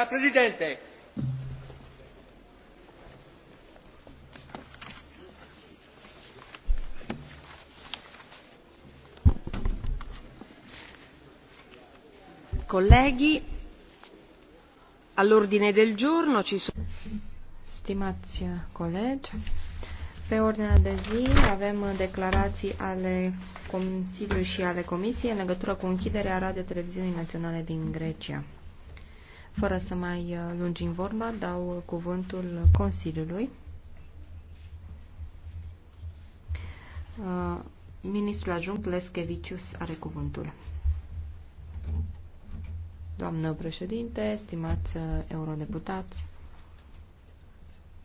La Președinte, Colleghi, all'ordine del giorno ci sono... Stimați uh, colegi, pe ordinea de zi avem uh, declarații ale Consiliului și ale Comisiei în legătură cu închiderea Radio Televiziunii Naționale din Grecia. Fără să mai uh, lungim vorba, dau uh, cuvântul Consiliului. Uh, ministrul ajung Leschevicius are cuvântul. Doamnă președinte, stimați eurodeputați,